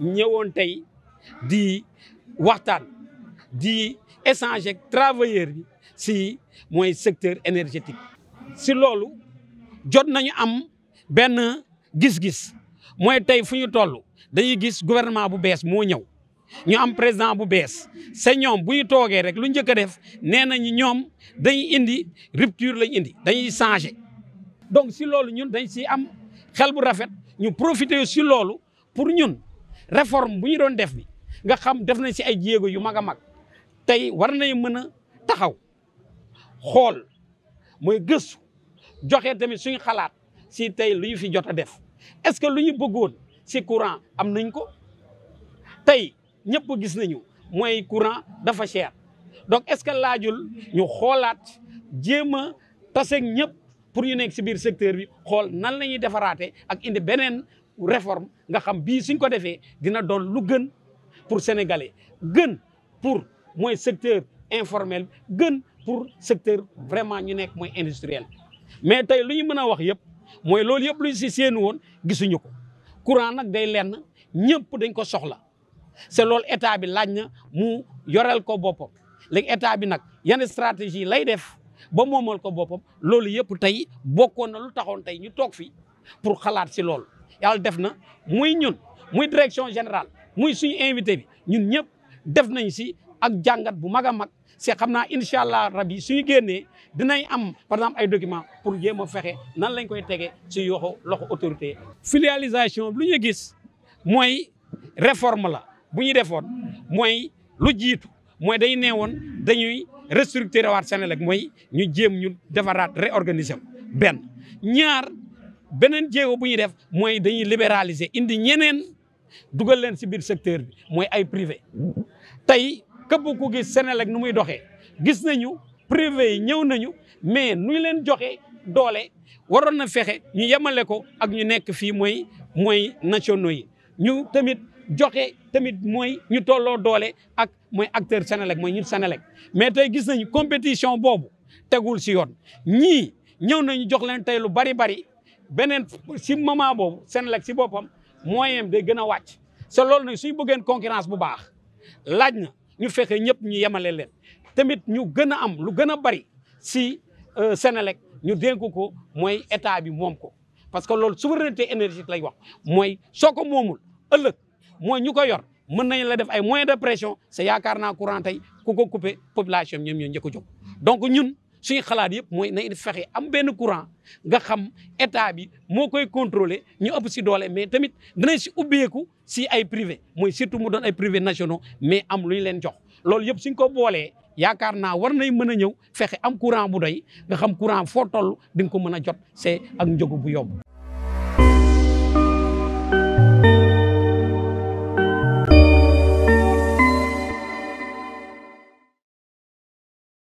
ñëwoon tey di waxtaan di échanger ak travailleur bi si mooy secteur énergétique. si loolu jot nañu am benn gis-gis mooy tey fu ñu toll dañuy gis gouvernement bu bees moo ñëw ñu am président bu bees sa ñoom bu ñu toogee rek lu njëkk a def nee nañu ñoom dañuy indi rupture lañ indi dañuy changer. donc si loolu ñun dañ si am xel bu rafet ñu profiter si loolu pour ñun. réforme bu ñu doon def bi nga xam def nañ si ay jéego yu mag a mag tey war nañu mën a taxaw xool mooy gëstu joxe tamit suñu xalaat si tey lu ñu fi jot a def est-ce que lu ñu bëggoon si courant am nañ ko tey ñëpp gis nañu mooy courant dafa cher donc est-ce que laajul ñu xoolaat jéem a taseeg ñëpp pour ñu nekk si biir secteur bi xool nan la ñuy defaraate ak indi beneen réforme nga xam bi suñ ko défé dina doon lu gën pour sénégalais gën pour moy secteur informel gën pour secteur vraiment ñu nek moy industriel mais tay lu ñu mën wax yépp moy lool yépp lu ci si séenu woon gisuñu ko courant nak day lenn ñëpp dañ ko soxla c'est lool état bi lañ na mu yoreel ko bopam. léegi état bi nak yan stratégie lay def ba moomal ko bopam lool yépp tay bokkoon na lu taxoon tay ñu tok fi pour xalaat si yàlla def na muy ñun muy direction général muy suñu invité bi ñun ñëpp def nañ si ak jàngat bu mag a mag se xam naa incha allah rabi suñu génnee dinañ am par exemple ay documents pour jéem a fexe nan lañ koy tegee si yoxo loxo autorité filialisation lu ñu gis mooy réforme la bu ñu defoon mooy lu jiitu mooy dañu nee woon dañuy restructurer waat Senelec mooy ñu jéem ñun defaraat réorganiser benn ñaar beneen jéego bu ñuy def mooy dañuy libéraliser indi ñeneen dugal leen si biir secteur bi mooy ay privé tey këpp ku gis Senelec nu muy doxe gis nañu privé yi ñëw nañu mais nuñ leen joxe doole waroon na fexe ñu yemale ko ak ñu nekk fii mooy mooy nationaux yi ñu tamit joxe tamit mooy ñu tolloo doole ak mooy acteur Senelec mooy ñun Senelec mais tey gis nañu compétition boobu tegul si yoon ñii ñëw nañu jox leen tey lu bari bari beneen si moment boobu Senelec si boppam moyen day gën a wàcc sa lool nag si bëggeen concurrence bu baax laaj na ñu fexe ñëpp ñu yemale leen tamit ñu gën a am lu gën a bari si euh, Senelec ñu dénk ko mooy état bi moom ko parce que loolu souveraineté énergétique lay wax mooy soo moomul ëllëg mooy ñu ko yor mën nañ la def ay moyens de pression sa yaakaar naa courant tey ku ko coupé population ñoom ñoo njëkk a ñun suñu xalaat yëpp mooy nañ fexe am benn courant nga xam état bi moo koy contrôler ñu ëpp si doole mais tamit dinañ si ubbeeku si ay privé mooy surtout mu doon ay privé nationaux mais am lu leen jox loolu yëpp suñ ko boolee yaakaar naa war nañ mën a ñëw fexe am courant bu doy nga xam courant foo toll di nga ko mën a jot c'est ak njëgu bu yomb